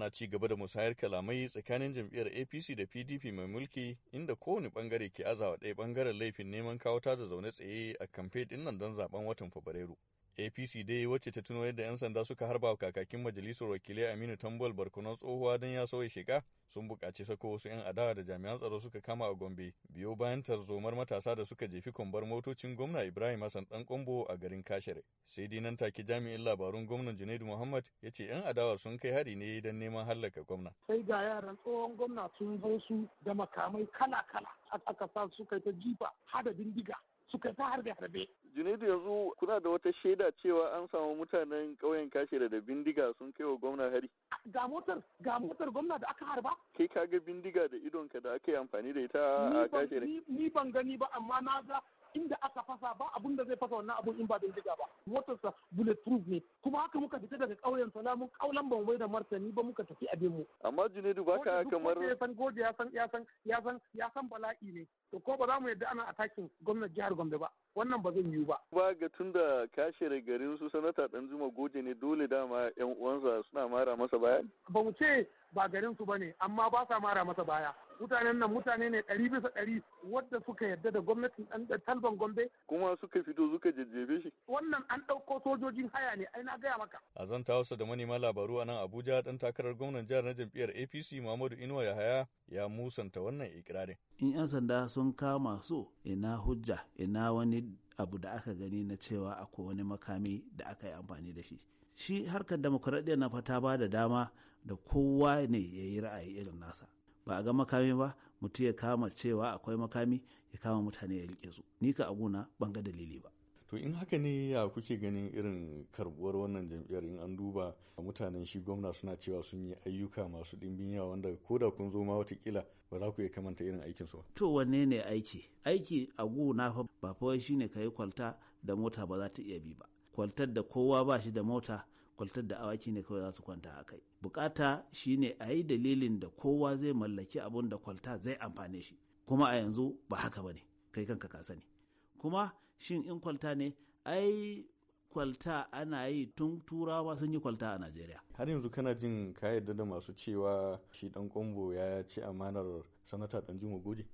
ana ci gaba da musayar kalamai tsakanin jam'iyyar apc da pdp mai mulki inda kowane bangare ke azawa ɗaya bangaren laifin neman kawo ta zaune tsaye a kamfe ɗin nan don zaben watan fabrairu apc dai wacce ta tuno yadda 'yan sanda suka harba kakakin majalisar wakilai aminu tambol barkonon tsohuwa don ya sauya sheka sun buƙaci sako wasu 'yan adawa da jami'an tsaro suka kama a gombe biyo bayan tarzomar matasa da suka jefi kwambar motocin gwamna ibrahim hassan dan kwambo a garin kashere sai dai nan take jami'in labarun gwamnan junaidu muhammad ya ce 'yan adawa sun kai hari ne don neman hallaka gwamna sai ga yaran tsohon gwamna sun zo su da makamai kala kala aka sa suka ta jifa hada bindiga suka ta harbe harbe. Junaidu yanzu kuna da wata shaida cewa an samu mutanen ƙauyen kashe da bindiga sun kai wa gwamna hari. Ga motar ga motar gwamna da aka harba. Kai ka ga bindiga da idonka da aka yi amfani da ita a kashe Ni ban gani ba amma na ga inda aka fasa ba abun da zai fasa wannan abun in ba bindiga ba motarsa bulletproof ne kuma haka muka fita daga ƙauyen salamun ƙaulan ban wai da martani ba muka tafi abin mu amma junaidu baka kamar ya san goje ya san ya san ya san ya san bala'i ne to ko ba za mu yadda ana atakin gwamnati jihar Gombe ba wannan ba zan yiwu ba. Ba ga tun da kashere garin su sanata dan zuma goje ne dole dama yan uwansa suna mara masa baya? Ba mu ce ba garin su bane amma ba sa mara masa baya. Mutanen nan mutane ne ɗari bisa ɗari wadda suka yarda da gwamnatin ɗan talban Gombe. Kuma suka fito suka jajjefe shi. Wannan an ɗauko sojojin haya ne ai na gaya maka. A zanta wasu da manema labaru a nan Abuja dan takarar gwamnan jihar na jam'iyyar APC Muhammadu Inuwa Yahaya ya musanta wannan ikirarin. In 'yan sanda sun kama su ina hujja ina wani abu da aka gani na cewa akwai wani makami da aka yi amfani da shi shi harkar demokuraɗiyya na fata ba da dama da kowa ne ya yi ra'ayi irin nasa ba a ga makami ba mutum ya kama cewa akwai makami ya kama mutane ya rike su ni ka aguna ban ga dalili ba to in haka ne ya kuke ganin irin karbuwar wannan jam'iyyar in an duba mutanen shi gwamna suna cewa sun yi ayyuka masu ɗimbin yawa wanda ko da kun zo ma watakila ba za ku iya kamanta irin aikin su to wanne ne aiki aiki a na fa ba fa shine kai kwalta da mota ba za ta iya bi ba kwaltar da kowa ba shi da mota kwaltar da awaki ne kawai za su kwanta a kai bukata shine a yi dalilin da kowa zai mallaki abun da kwalta zai amfane shi kuma a yanzu ba haka ba ne kai kanka ka sani kuma shin in kwalta ne ai kwalta ana yi tun turawa sun yi kwalta a najeriya har yanzu kana jin ka yarda da masu cewa shi dan kwambo ya ci amanar sanata dan jima goje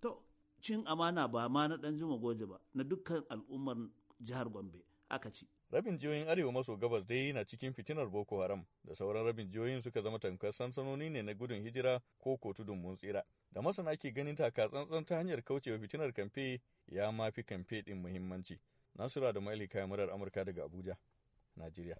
to cin amana ba ma na dan jima goje ba na dukkan al'ummar jihar gombe aka ci Rabin jihohin Arewa maso gabas dai na cikin fitinar Boko Haram da sauran rabin jihohin suka zama tamkar sansanoni ne na gudun hijira ko ko tudun mun tsira. Da masana ke ganin taka tsantsan ta hanyar kaucewa fitinar kamfe ya mafi kamfe ɗin muhimmanci. Nasura da Maili kayan murar Amurka daga Abuja, Najeriya.